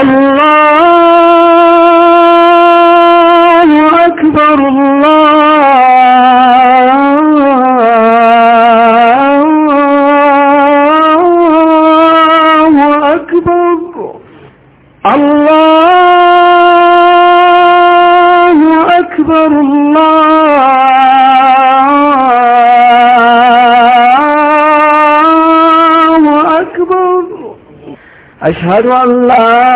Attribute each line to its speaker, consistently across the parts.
Speaker 1: الله أكبر الله أكبر الله أكبر الله أكبر أشهد أن لا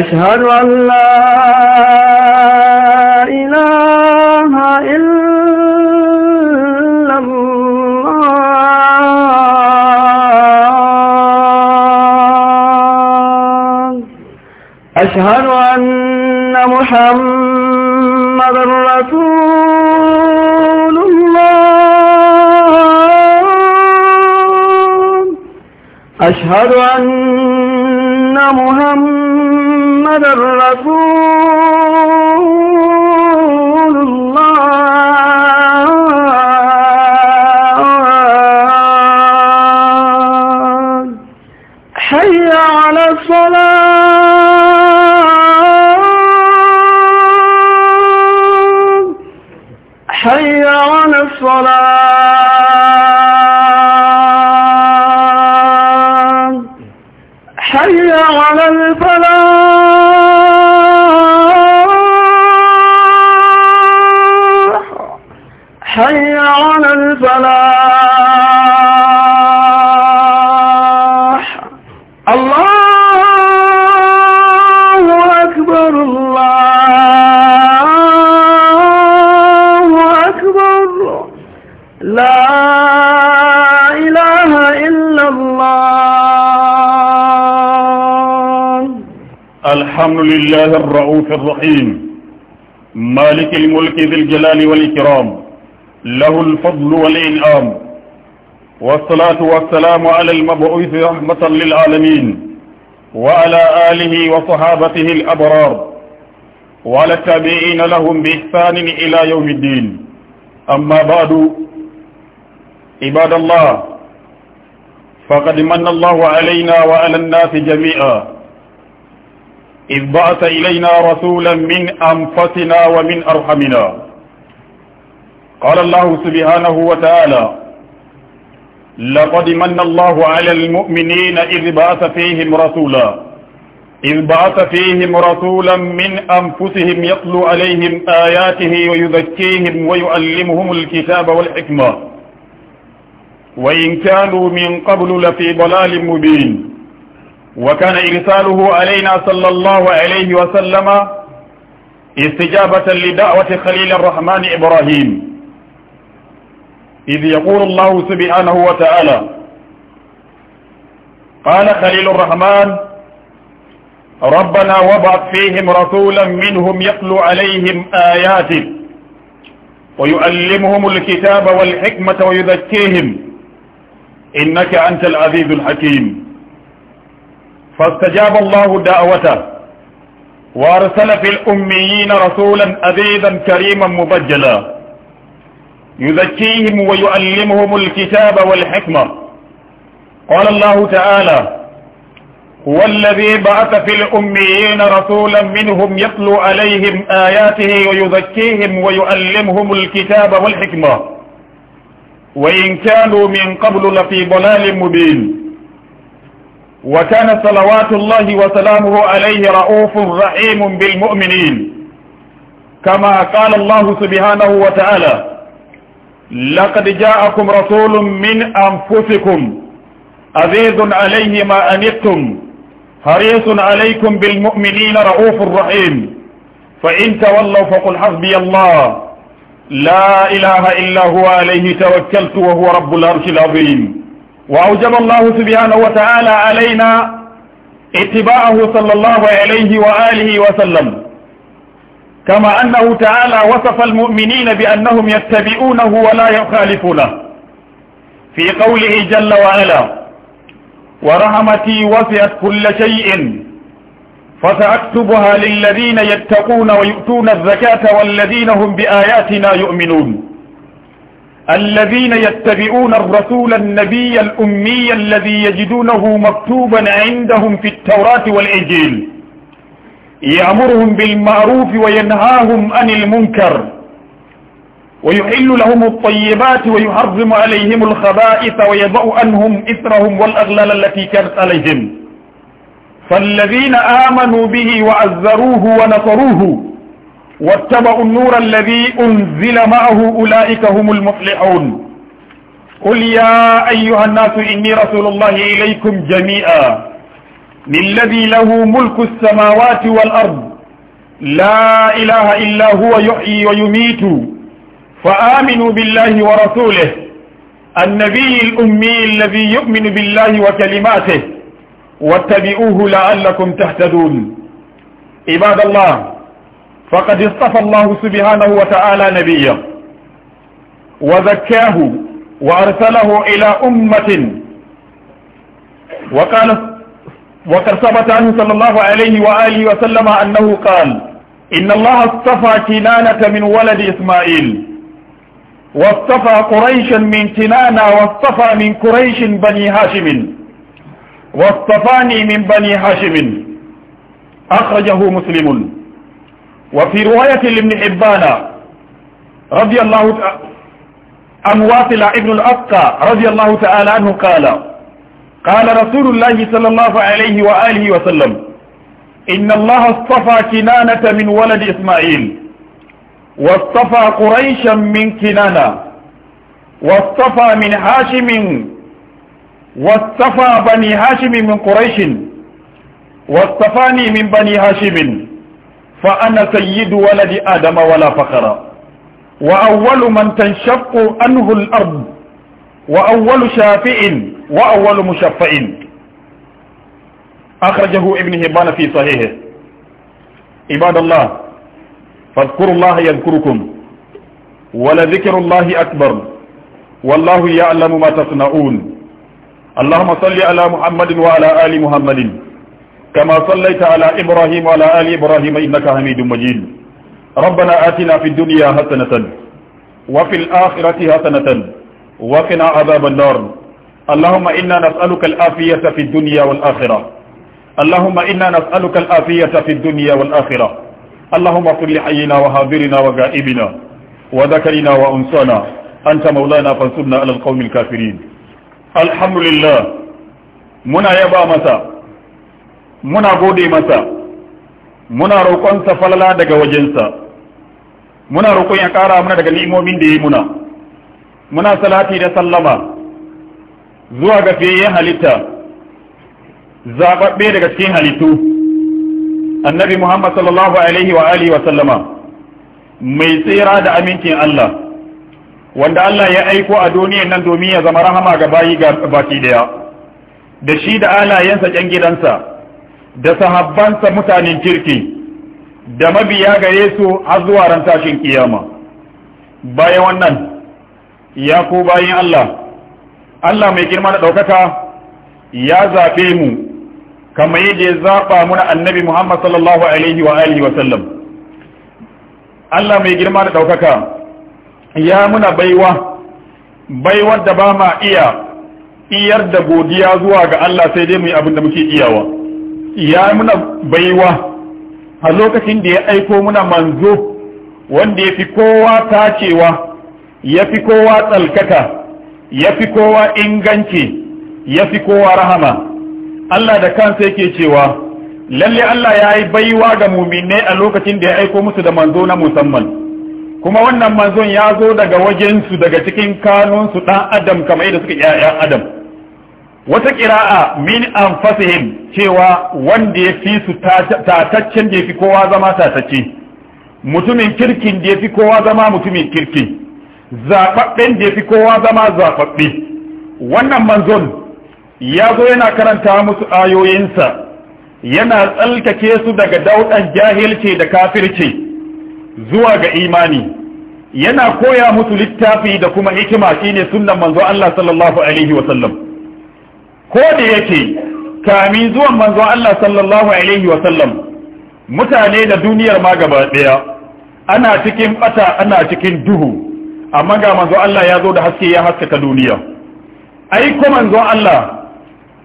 Speaker 1: أشهد أن لا إله إلا الله أشهد أن محمد رسول الله أشهد أن محمد محمد رسول الله حي على الصلاة حي على الصلاة الفلاح الله أكبر الله أكبر لا إله إلا الله
Speaker 2: الحمد لله الرؤوف الرحيم مالك الملك ذي الجلال والإكرام له الفضل والإنعام والصلاة والسلام على المبعوث رحمة للعالمين وعلى آله وصحابته الأبرار وعلى التابعين لهم بإحسان إلى يوم الدين أما بعد عباد الله فقد من الله علينا وعلى الناس جميعا إذ بعث إلينا رسولا من أنفسنا ومن أرحمنا قال الله سبحانه وتعالى لقد من الله على المؤمنين إذ بعث فيهم رسولا إذ بعث فيهم رسولا من أنفسهم يطلو عليهم آياته ويذكيهم ويعلمهم الكتاب والحكمة وإن كانوا من قبل لفي ضلال مبين وكان إرساله علينا صلى الله عليه وسلم استجابة لدعوة خليل الرحمن إبراهيم إذ يقول الله سبحانه وتعالى قال خليل الرحمن ربنا وابعث فيهم رسولا منهم يتلو عليهم آياته ويعلمهم الكتاب والحكمة ويذكيهم إنك أنت العزيز الحكيم فاستجاب الله دعوته وارسل في الأميين رسولا أذيذا كريما مبجلا يزكيهم ويعلمهم الكتاب والحكمة قال الله تعالى هو الذي بعث في الأميين رسولا منهم يتلو عليهم آياته ويزكيهم ويعلمهم الكتاب والحكمة وإن كانوا من قبل لفي ضلال مبين وكان صلوات الله وسلامه عليه رؤوف رحيم بالمؤمنين كما قال الله سبحانه وتعالى لقد جاءكم رسول من أنفسكم عزيز عليه ما أنتم حريص عليكم بالمؤمنين رؤوف رحيم فإن تولوا فقل حسبي الله لا إله إلا هو عليه توكلت وهو رب العرش العظيم وأوجب الله سبحانه وتعالى علينا اتباعه صلى الله عليه وآله وسلم كما أنه تعالى وصف المؤمنين بأنهم يتبعونه ولا يخالفونه في قوله جل وعلا ورحمتي وسعت كل شيء فسأكتبها للذين يتقون ويؤتون الزكاة والذين هم بآياتنا يؤمنون الذين يتبعون الرسول النبي الأمي الذي يجدونه مكتوبا عندهم في التوراة والإنجيل يأمرهم بالمعروف وينهاهم عن المنكر ويحل لهم الطيبات ويحرم عليهم الخبائث ويضع عنهم إثرهم والأغلال التي كانت عليهم فالذين آمنوا به وعزروه ونصروه واتبعوا النور الذي أنزل معه أولئك هم المفلحون قل يا أيها الناس إني رسول الله إليكم جميعا للذي له ملك السماوات والأرض لا إله إلا هو يحيي ويميت فآمنوا بالله ورسوله النبي الأمي الذي يؤمن بالله وكلماته واتبعوه لعلكم تهتدون عباد الله فقد اصطفى الله سبحانه وتعالى نبيه وزكاه وأرسله إلى أمة وقال وقد ثبت عنه صلى الله عليه وآله وسلم أنه قال إن الله اصطفى كنانة من ولد إسماعيل واصطفى قريشا من كنانة واصطفى من قريش بني هاشم واصطفاني من بني هاشم أخرجه مسلم وفي رواية لابن حبان رضي الله عن واصل ابن الأبقى رضي الله تعالى عنه قال قال رسول الله صلى الله عليه وآله وسلم إن الله اصطفى كنانة من ولد إسماعيل واصطفى قريشا من كنانة واصطفى من هاشم واصطفى بني هاشم من قريش واصطفاني من بني هاشم فأنا سيد ولد آدم ولا فخر وأول من تنشق عنه الأرض وأول شافئ وأول مشفع أخرجه ابن هبان في صحيحه عباد الله فاذكروا الله يذكركم ولذكر الله أكبر والله يعلم ما تصنعون اللهم صل على محمد وعلى آل محمد كما صليت على إبراهيم وعلى آل إبراهيم إنك حميد مجيد ربنا آتنا في الدنيا حسنة وفي الآخرة حسنة وقنا عذاب النار اللهم إنا نسألك الآفية في الدنيا والآخرة اللهم إنا نسألك الآفية في الدنيا والآخرة اللهم صل حينا وحاضرنا وغائبنا وذكرنا وأنسانا أنت مولانا فانصرنا على القوم الكافرين الحمد لله منا يبا مسا منا بودي مسا منا روكون سفللا دقا وجنسا منا روكون يكارا منا دقا نئمو من دي منا muna salati da sallama zuwa ga ya halitta zaɓaɓɓe daga cikin halittu annabi muhammad sallallahu alaihi wa alihi wa sallama mai tsira da amincin allah wanda allah ya aiko a duniyan nan domin ya zama rahama ga bayi ga baki daya da shi da alayensa ƙyan gidansa da sahabbansa mutanen kirki da mabiya gare su har zuwa ran tashin kiyama bayan wannan ya ku bayin allah Allah mai girma da ɗaukaka ya zaɓe mu kamar yadda ya zaɓa muna annabi Muhammad sallallahu alaihi wa alihi wa sallam Allah mai girma da ɗaukaka ya muna baiwa baiwar da ba ma iya iyar da godiya zuwa ga Allah sai dai mu yi abin da muke iyawa ya muna baiwa a lokacin da ya aiko muna manzo wanda ya fi kowa tacewa ya fi kowa tsalkaka ya fi kowa inganci ya fi kowa rahama Allah da kansa yake cewa lalle Allah ya yi baiwa ga muminai a lokacin da ya aiko musu da manzo na musamman kuma wannan manzon ya zo daga wajensu daga cikin kanunsu ɗan adam kamar yadda suka ƴaƴan adam wata ƙira'a min anfasihim cewa wanda ya fi su tataccen da ya fi kowa zama tatacce mutumin kirkin da ya fi kowa zama mutumin kirkin zaɓaɓɓen da fi kowa zama zaɓaɓɓe wannan manzon ya zo yana karanta musu ayoyinsa yana tsalkake su daga dauɗan jahilci da kafirci zuwa ga imani yana koya musu littafi da kuma hikima shine sunnan manzo Allah sallallahu alaihi wa sallam ko da yake kamin zuwan manzo Allah sallallahu alaihi wa sallam mutane da duniyar ma gaba daya ana cikin bata ana cikin duhu amma ga manzo Allah ya zo da haske ya haskaka duniya ai ko manzo Allah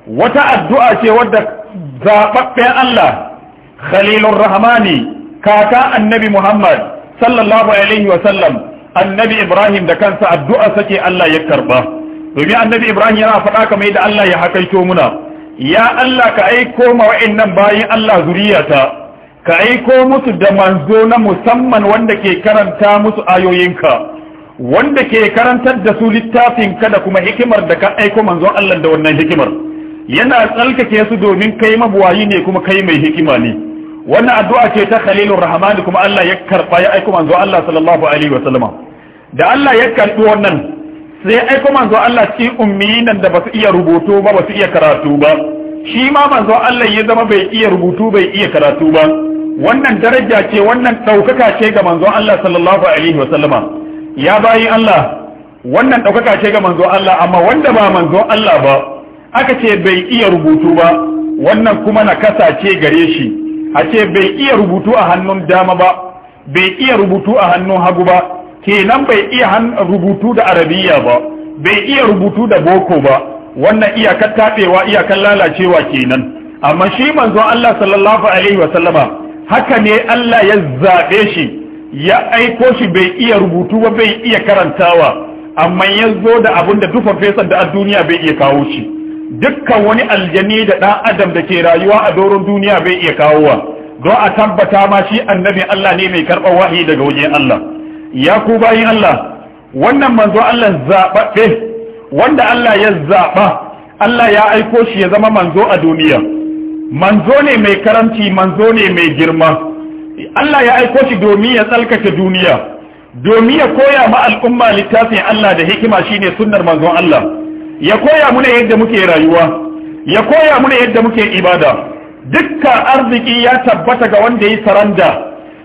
Speaker 2: wata addu'a ce wadda zababben Allah khalilur rahmani kaka annabi Muhammad sallallahu alaihi wa sallam annabi Ibrahim da kansa addu'a sake Allah ya karba domin annabi Ibrahim yana faɗa kamar yadda Allah ya hakaito muna ya Allah ka aiko ma wa'annan bayin Allah zuriyata ka aiko musu da manzo na musamman wanda ke karanta musu ayoyinka wanda ke karantar da su littafin ka da kuma hikimar da ka aiko manzon Allah da wannan hikimar yana tsalkake su domin kai mabuwayi ne kuma kai mai hikima ne wannan addu'a ce ta Khalilur Rahman kuma Allah ya karba ya aiko manzon Allah sallallahu alaihi wa sallama da Allah ya karbi wannan sai aiko manzon Allah cikin umminan da basu iya rubutu ba basu iya karatu ba shi ma manzon Allah ya zama bai iya rubutu bai iya karatu ba wannan daraja ce wannan daukaka ce ga manzon Allah sallallahu alaihi wa sallama ya bayin Allah wannan ɗaukaka ce ga manzon Allah amma wanda ba manzo Allah ba aka ce bai iya rubutu ba wannan kuma nakasa ce gare shi a ce bai iya rubutu a hannun dama ba bai iya rubutu a hannun hagu ba kenan bai iya rubutu da arabiya ba bai iya rubutu da boko ba wannan iyakar taɓewa iyakar lalacewa kenan amma shi manzo Allah sallallahu alaihi wa sallama haka ne Allah ya zaɓe shi ya aiko shi bai iya rubutu ba bai iya karantawa amma ya zo da abin da dufa fesar da a duniya bai iya kawo shi dukkan wani aljani da ɗan adam da ke rayuwa a doron duniya bai iya kawo wa. don a tabbata ma shi annabi Allah ne mai karɓar wahayi daga wajen Allah ya ku bayin Allah wannan manzo Allah zaɓaɓɓe wanda Allah ya zaɓa Allah ya aiko shi ya zama manzo a duniya manzo ne mai karamci manzo ne mai girma Allah ya aiko shi domin ya tsalkace duniya domin ya koya ma al'umma littafin Allah da hikima shine sunnar manzon Allah ya koya ne yadda muke rayuwa ya koya ne yadda muke ibada dukkan arziki ya tabbata ga wanda ya saranda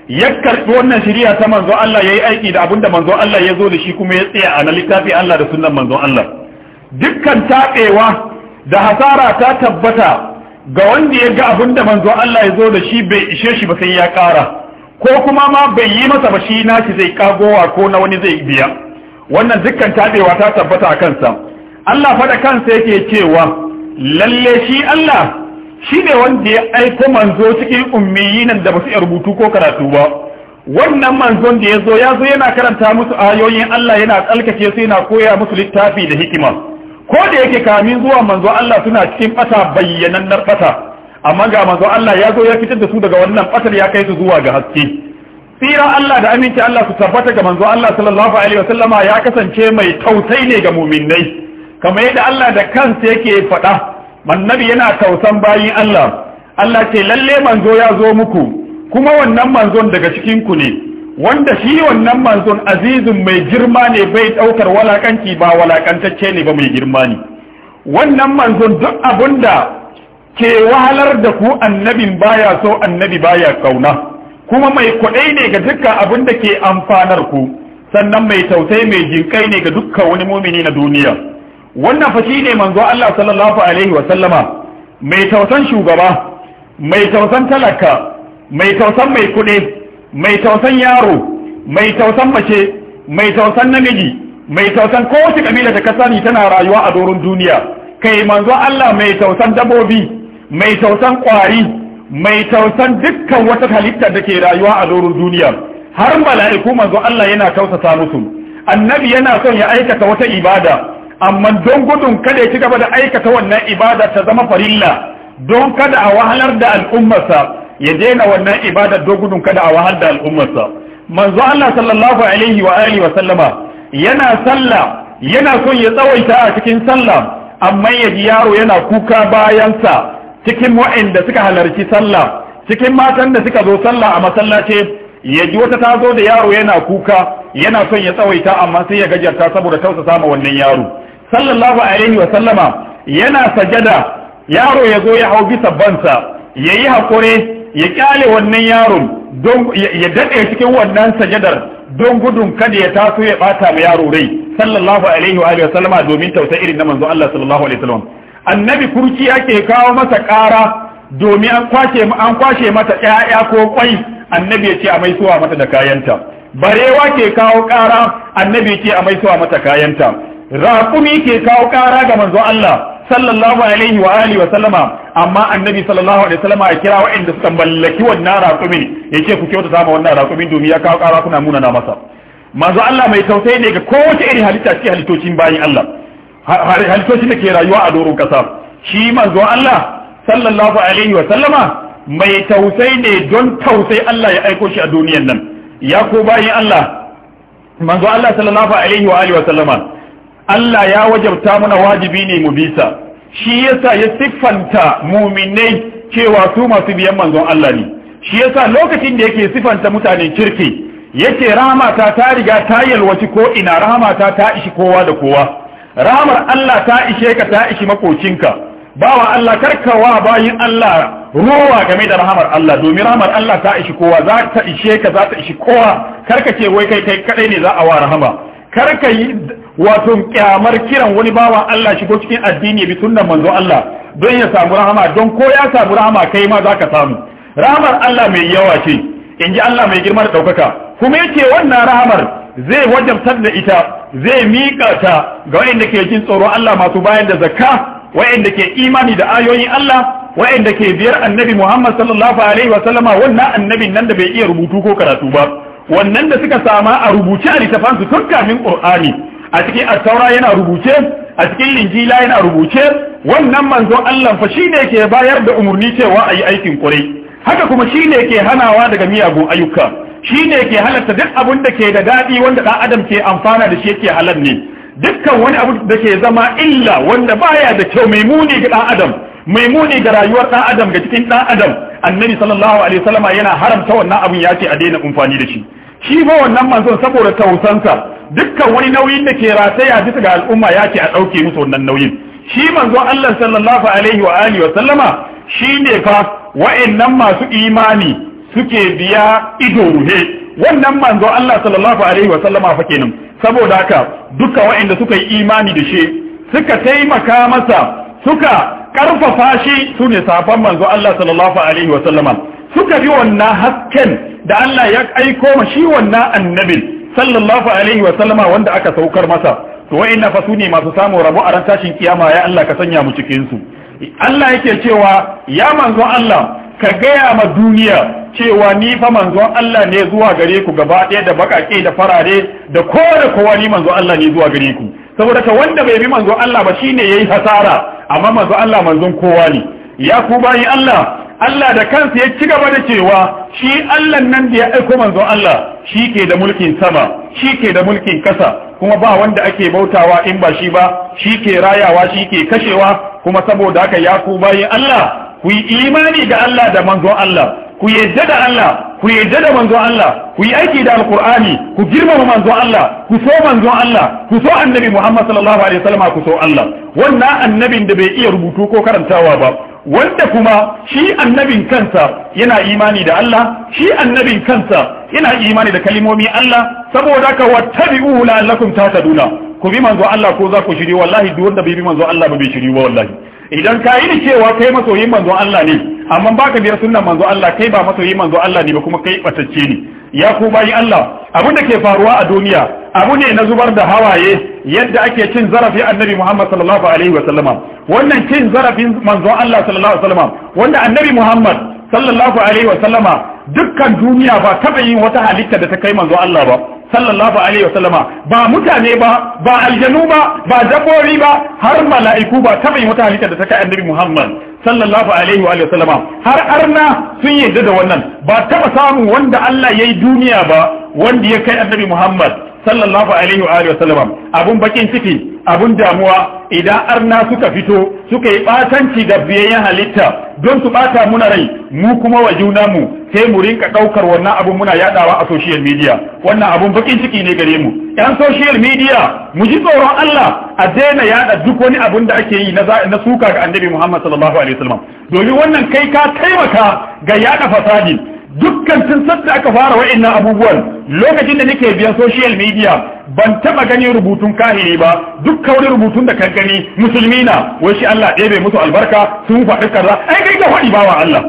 Speaker 2: ya karbi wannan shari'a ta manzon Allah yayi aiki da abinda manzon Allah ya zo da shi kuma ya tsaya a na littafin Allah da sunnar manzon Allah dukkan taɓewa da hasara ta tabbata ga wanda ya ga abin da manzo Allah ya zo da shi bai ishe shi ba sai ya kara, ko kuma ma bai yi masa ba shi shi zai kagowa ko na wani zai biya wannan dukkan tabewa ta tabbata a kansa Allah fa da kansa yake cewa lalle shi Allah shi ne wanda ya aiko manzo cikin ummiyinan da ba su rubutu ko karatu ba wannan manzon da ya zo ya zo yana karanta musu ayoyin Allah yana tsalkake su yana koya musu littafi da hikima ko da yake kamin zuwa manzo Allah suna cikin fata bayyanannar fata amma ga manzo Allah ya zo ya fitar da su daga wannan fatar ya kai su zuwa ga haske tsira Allah da aminci Allah su tabbata ga manzo Allah sallallahu alaihi wa sallama ya kasance mai tausayi ne ga muminai kamar yadda Allah da kansa yake faɗa mannabi yana tausan bayin Allah Allah ce lalle manzo ya zo muku kuma wannan manzon daga cikin ku ne wanda shi wannan manzon azizun mai girma ne bai daukar walakanci ba walakantacce ne ba mai girma ne wannan manzon duk abinda ke wahalar da ku annabin baya so annabi baya kauna kuma mai kwaɗai ne ga dukkan abin da ke amfanar ku sannan mai tausayi mai jinkai ne ga dukkan wani mumini na duniya wannan fa ne manzo Allah sallallahu alaihi wa sallama mai tausan shugaba mai tausan talaka mai tausan mai kuɗi mai tausan yaro mai tausan mace mai tausan namiji mai tausan kowace kabila da kasani tana rayuwa a doron duniya kai manzo Allah mai tausan dabobi mai tausan kwari mai tausan dukkan wata halitta da ke rayuwa a doron duniya har mala'iku manzo Allah yana tausasa musu annabi yana son ya aikata wata ibada amma don gudun kada ya ci gaba da aikata wannan ibada ta zama farilla don kada a wahalar da al'ummarsa ya daina wannan ibadar dogudun kada a wahal da al'ummarsa manzo Allah sallallahu alaihi wa alihi wa sallama yana sallah yana son ya tsawaita a cikin sallah amma ya ji yaro yana kuka bayansa cikin wa'anda suka halarci sallah cikin matan da suka zo sallah a masallaci ya ji wata ta zo da yaro yana kuka yana son ya tsawaita amma sai ya gajarta saboda tausasa ma wannan yaro sallallahu alaihi wa sallama yana sajada yaro ya zo ya hau bisa bansa yayi hakuri ya kyale wannan yaron don ya dade cikin wannan sajadar don gudun kada ya taso ya bata ma yaro rai sallallahu alaihi wa sallama domin tausa irin na manzo Allah sallallahu alaihi wasallam annabi kurki yake kawo masa ƙara domin an kwashe an kwashe mata ƴaƴa ko kwai annabi ya ce a mai suwa mata da kayanta barewa ke kawo ƙara annabi ya ce a mai suwa mata kayanta raƙumi ke kawo ƙara ga manzo Allah sallallahu alaihi wa alihi wa sallama amma annabi sallallahu alaihi wa sallama ya kira waɗanda suka mallaki wannan raƙumin yace ku kyautata ma wannan raƙumin domin ya kawo ƙara kuna muna na masa manzo Allah mai tausayi ne ga kowace irin halitta cikin halittocin bayin Allah halittocin da ke rayuwa a doron ƙasa shi manzo Allah sallallahu alaihi wa sallama mai tausayi ne don tausayi Allah ya aiko shi a duniyar nan ya ko bayin Allah manzo Allah sallallahu alaihi wa alihi wa sallama Allah ya wajabta muna wajibi ne mu bisa shi yasa ya siffanta muminai cewa su masu biyan manzon Allah ne shi yasa lokacin da yake siffanta mutane kirki yake rahamata ta riga ta yalwaci ko ina rahamata ta ishi kowa da kowa rahamar Allah ta ishe ka ta ishi makocinka bawa Allah karkawa bayin Allah ruwa game da rahamar Allah domin rahamar Allah ta ishi kowa za ta ishe ka za ta ishi kowa karka ce wai kai kai kadai ne za a wa rahama karka yi wato kyamar kiran wani bawan Allah shigo cikin addini bi sunnan manzo Allah don ya samu rahama don ko ya samu rahama kai ma zaka samu rahamar Allah mai yawa ce inji Allah mai girma da daukaka kuma yake wannan rahamar zai wajabtar da ita zai miƙa ta ga wayanda ke jin tsoro Allah masu bayan da zakka wayanda ke imani da ayoyin Allah wayanda ke biyar annabi Muhammad sallallahu alaihi wa sallama wannan annabin nan da bai iya rubutu ko karatu ba wannan da suka sama a rubuce a littafansu tun kafin qur'ani a cikin attaura yana rubuce a cikin linjila yana rubuce wannan manzo Allah fa shine ke bayar da umurni cewa ayi aikin kurai haka kuma shine ke hanawa daga miyagun ayyuka shine ke halatta duk abun da ke da dadi wanda dan adam ke amfana da shi yake halal ne dukkan wani abu da ke zama illa wanda baya da kyau mai muni ga dan adam mai muni ga rayuwar dan adam ga cikin dan adam annabi sallallahu alaihi wasallama yana haramta wannan abun ce a daina amfani da shi shi ba wannan manzon saboda tausansa dukkan wani nauyin da ke rataya bisa ga al'umma yake a ɗauke musu wannan nauyin shi manzon Allah sallallahu alaihi wa alihi wa sallama fa wa'annan masu imani suke biya ido ruhe wannan manzo Allah sallallahu alaihi wa sallama fa kenan saboda haka duka wa'anda suka yi imani da shi suka taimaka masa suka karfafa shi sune safan manzo Allah sallallahu alaihi wa sallama suka bi wannan hasken da Allah ya aiko ma shi wannan annabi sallallahu alaihi wa sallama wanda aka saukar masa to wa'inna fa ne masu samu rabo a ran tashin kiyama ya Allah ka sanya mu cikin su Allah yake cewa ya manzon Allah ka gaya ma duniya cewa ni fa manzon Allah ne zuwa gare ku gaba ɗaya da baƙaƙe da farare da kowa da kowa ni manzon Allah ne zuwa gare ku saboda ka wanda bai bi manzon Allah ba shine yayi hasara amma manzon Allah manzon kowa ne ya ku bayin Allah Allah da kansu ya ci gaba da cewa shi Allah nan da ya aiko manzon Allah shi ke da mulkin sama shi ke da mulkin kasa kuma ba wanda ake bautawa in ba shi ba shi ke rayawa shi ke kashewa kuma saboda haka ya ku Allah ku yi imani ga Allah da manzon Allah ku yadda da Allah ku yadda da manzon Allah ku yi aiki da alkur'ani ku girmama manzon Allah ku so manzon Allah ku so annabi Muhammad sallallahu alaihi wasallam ku so Allah wannan annabin da bai iya rubutu ko karantawa ba wanda kuma shi annabin kansa yana imani da Allah shi annabin kansa yana imani da kalimomi Allah saboda ka wattabi'uhu la'allakum tahtaduna ku bi manzo Allah ko za ku shiri wallahi duk wanda bai bi manzo Allah ba bai shiri ba wallahi idan ka yi cewa kai masoyin manzo Allah ne amma baka biyar sunnan manzo Allah kai ba masoyin manzo Allah ne ba kuma kai batacce ne ya ku bayin Allah abin da ke faruwa a duniya abu ne na zubar da hawaye yadda ake cin zarafi annabi Muhammad sallallahu alaihi wa sallama wannan cin zarafin manzon Allah sallallahu alaihi wa sallama wanda annabi Muhammad sallallahu alaihi wa sallama dukkan duniya ba taba yin wata halitta da ta kai manzo Allah ba sallallahu alaihi wa sallama ba mutane ba ba aljanu ba ba dabbobi ba har mala'iku ba taba yin wata halitta da ta kai annabi Muhammad sallallahu alaihi wa sallama har arna sun yarda da wannan ba taba samun wanda Allah yayi duniya ba wanda ya kai annabi Muhammad sallallahu alaihi wa alihi wasallam abun bakin ciki abun damuwa idan arna suka fito suka yi batanci ga biyayyen halitta don su bata muna rai mu kuma wa juna mu sai mu rinka daukar wannan abun muna yadawa a social media wannan abun bakin ciki ne gare mu yan social media mu ji tsoron Allah a daina yada duk wani abun da ake yi na suka ga annabi Muhammad sallallahu alaihi wasallam domin wannan kai ka taimaka ga yada fasadi dukkan tun sadda aka fara wa'annan abubuwan lokacin da nake biyan social media ban taba gani rubutun kahiri ba duk wani rubutun da kan gani musulmi na wai shi Allah ɗebe musu albarka sun faɗi karra. ai kai ga faɗi ba wa Allah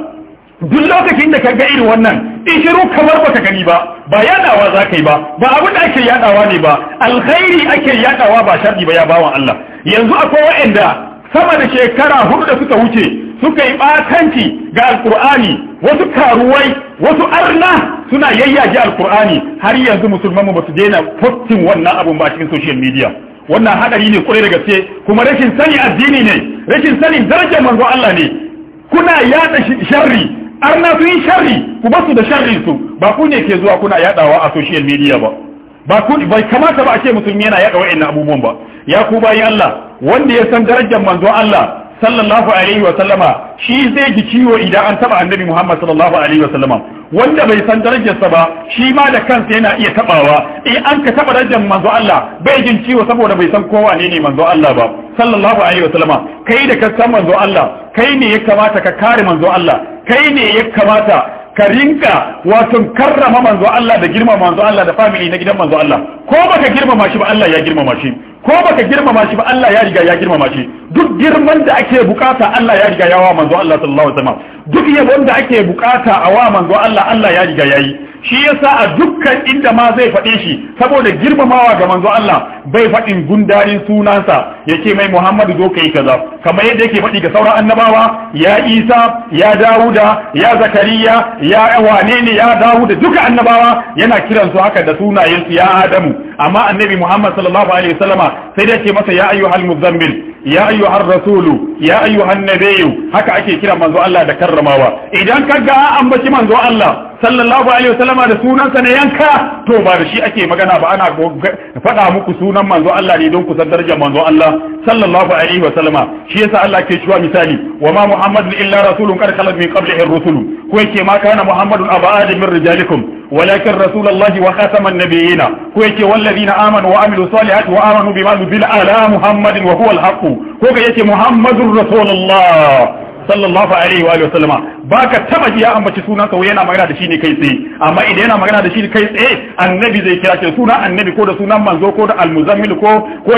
Speaker 2: duk lokacin da ka ga irin wannan ishiru kamar baka gani ba ba yadawa za ka yi ba ba abin da ake yadawa ne ba alkhairi ake yadawa ba sharri ba ya bawa Allah yanzu akwai wa'anda sama da shekara hudu da suka wuce suka yi batanci ga alkur'ani wasu karuwai wasu arna suna yayyage alkur'ani har yanzu musulman mu basu daina postin wannan abun ba cikin social media wannan hadari ne kwarai da gaske kuma rashin sani addini ne rashin sani darajar manzo Allah ne kuna yada sharri arna su yi sharri ku basu da sharri su ba ku ne ke zuwa kuna yadawa a social media ba ba ku bai kamata ba a ce musulmi yana yada wa'annan abubuwan ba ya ku bayin Allah wanda ya san darajar manzo Allah sallallahu alaihi wa sallama shi zai ji ciwo idan an taba annabi Muhammad sallallahu alaihi wa sallama wanda bai san darajarsa ba shi ma da kansa yana iya tabawa in eh, an ka taba darajar manzo Allah bai jin ciwo saboda bai san kowa ne ne manzo Allah ba sallallahu alaihi wa sallama kai da ka san manzo Allah kai ne ya kamata ka kare manzo Allah kai ne ya kamata ka rinka wato karrama manzo Allah da girmama manzo Allah da family na gidan manzo Allah ko baka girmama shi ba Allah ya girmama shi ko baka girmama shi ba Allah ya riga ya girmama shi duk girman da ake bukata Allah ya riga ya wa manzo Allah sallallahu alaihi wasallam duk yabon da ake bukata a wa manzo Allah Allah ya riga yayi shi yasa a dukkan inda ma zai faɗe shi saboda girmamawa ga manzo Allah bai faɗin gundarin sunansa yake mai Muhammadu zo kai kaza kamar yadda yake faɗi ga sauran annabawa ya Isa ya Dawuda ya Zakariya ya wane ne ya Dawuda duka annabawa yana kiran su haka da sunayen su ya Adamu amma annabi Muhammad sallallahu alaihi wasallama sai da yake masa ya ayyuhal muzammil ya ayyuhar rasulu ya ayyuhan nabiyyu haka ake kira manzo Allah da karramawa idan ka ga an baci manzo Allah sallallahu alaihi wasallama da sunansa ne yanka to ba da shi ake magana ba ana faɗa muku sunan manzo Allah ne don ku san darajar manzo Allah sallallahu alaihi wasallama shi yasa Allah ke cewa misali wa ma muhammadun illa rasulun qad khalat min qablihi ar rusulu. كويكي ما كان محمد أبا آدم من رجالكم ولكن رسول الله وخاتم النبيين كويكي wa amanu وعملوا الصالحات وآمنوا بما نزل على محمد وهو الحق كويكي محمد رسول الله sallallahu alaihi wa sallama baka taba ji ya ambaci sunan sa yana magana da shi ne kai tsaye amma idan yana magana da shi kai tsaye annabi zai kira shi sunan annabi ko da sunan manzo ko da almuzammil ko ko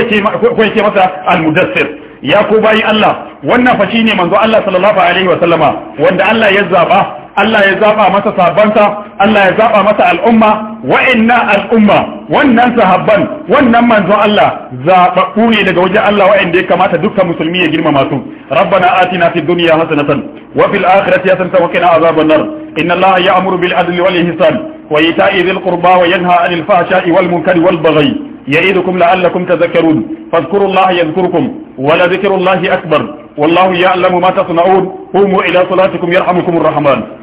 Speaker 2: yake masa almudassir ya ko bayi Allah wannan fa shine manzo Allah sallallahu alaihi wa sallama wanda Allah ya zaba Allah ya zaba masa sabanta Allah ya zaba masa al'umma wa'inna al'umma wannan sahabban wannan manzon Allah zababbu ne daga wajen Allah wa'inda ya kamata dukkan musulmi ya girmama su rabbana na fid duniya hasanatan wa fil akhirati hasanatan wa qina azaban nar inna Allah ya'muru bil adli wal ihsan wa ita'i dhil qurba wa yanha 'anil fahsha'i wal munkari wal baghi ya'idukum la'allakum tadhakkarun fadhkuru Allah yadhkurkum wa la dhikru akbar والله يعلم ما تصنعون قوموا إلى صلاتكم يرحمكم الرحمن